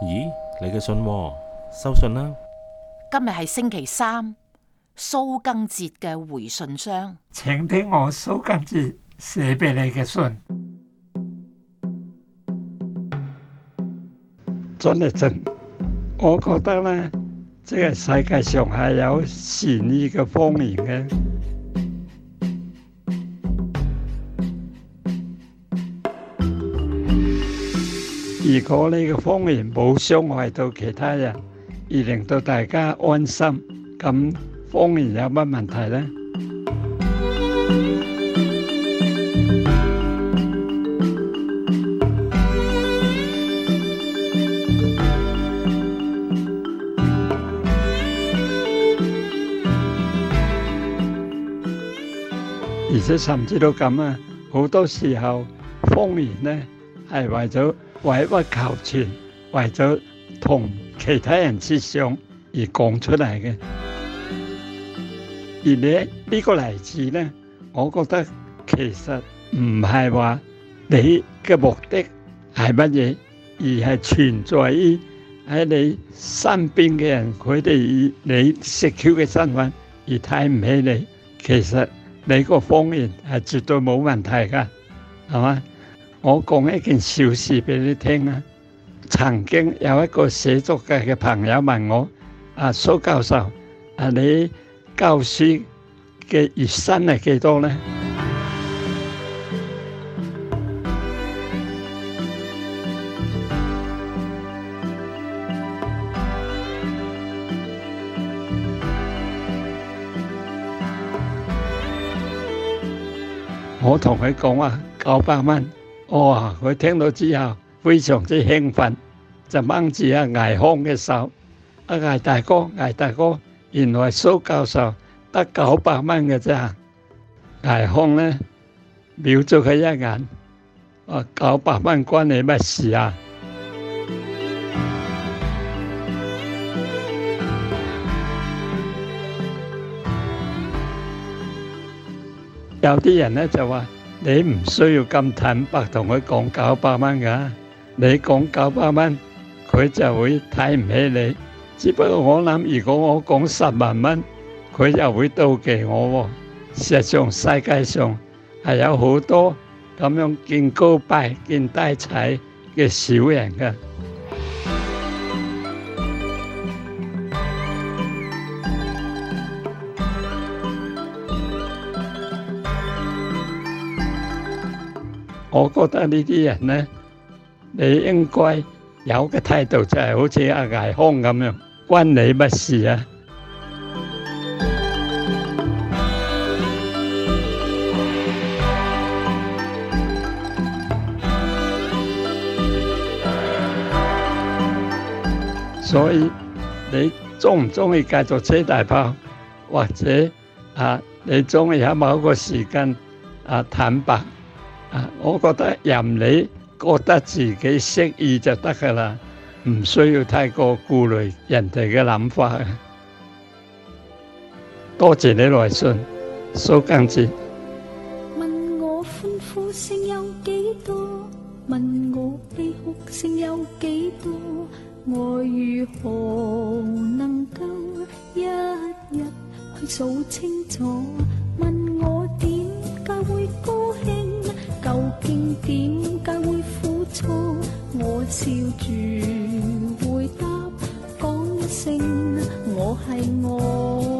咦，你嘅信、哦，收信啦！今日係星期三，蘇賡哲嘅回信箱，請聽我蘇賡哲寫俾你嘅信。轉一轉，我覺得咧，即、這、係、個、世界上係有善意嘅方面嘅。如果呢個方言冇傷害到其他人，而令到大家安心，咁方言有乜問題呢？而且甚至都咁啊，好多時候方言呢係為咗，委屈求全，為咗同其他人設想而講出嚟嘅。而你呢、這個例子呢，我覺得其實唔係話你嘅目的係乜嘢，而係存在於喺你身邊嘅人，佢哋以你食蕉嘅身份而睇唔起你。其實你個方言係絕對冇問題㗎，係嘛？我講一件小事俾你聽啊。曾經有一個寫作界嘅朋友問我，阿蘇教授，阿你教書嘅月薪係幾多呢？我同佢講啊，九百蚊。哇！佢聽到之後非常之興奮，就掹住阿魏康嘅手，阿魏大哥，魏大哥，原來蘇教授得九百蚊㗎咋。魏康呢瞄咗佢一眼，哦，九百蚊關你乜事啊？有啲人呢就話。你唔需要咁坦白同佢講九百蚊㗎，你講九百蚊，佢就會睇唔起你。只不過我諗，如果我講十萬蚊，佢又會妒忌我喎，哦。事實上世界上係有好多咁樣見高拜見低踩嘅小人㗎。我覺得呢啲人呢，你應該有個態度，就係好似阿艾康咁樣，關你乜事啊？所以你鍾唔鍾意繼續車大炮，或者啊，你鍾意喺某一個時間啊坦白？啊、我覺得任你覺得自己適意就得㗎啦，唔需要太過顧慮人哋嘅諗法。多謝你來信，蘇賡哲。問我點解會枯燥？我笑住回答，講聲我係我。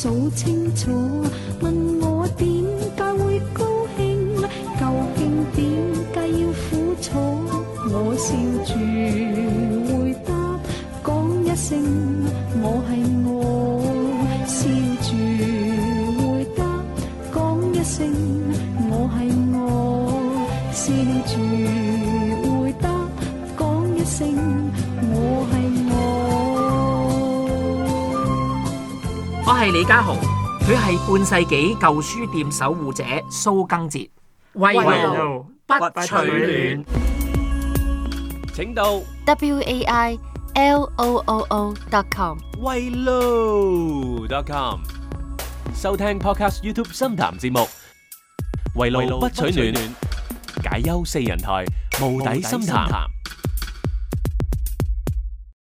數清楚，問我點解會高興？究竟點解要苦楚？我笑住回答，講一聲我係我。笑住回答，講一聲我係我。笑住回答，講一聲。我係李嘉豪，佢係半世紀舊書店守護者蘇賡哲。圍爐不取暖，請到 wailoo.com。圍爐 .com 收聽 Podcast YouTube 深談節目，圍爐不取暖，解憂四人台，無底深談。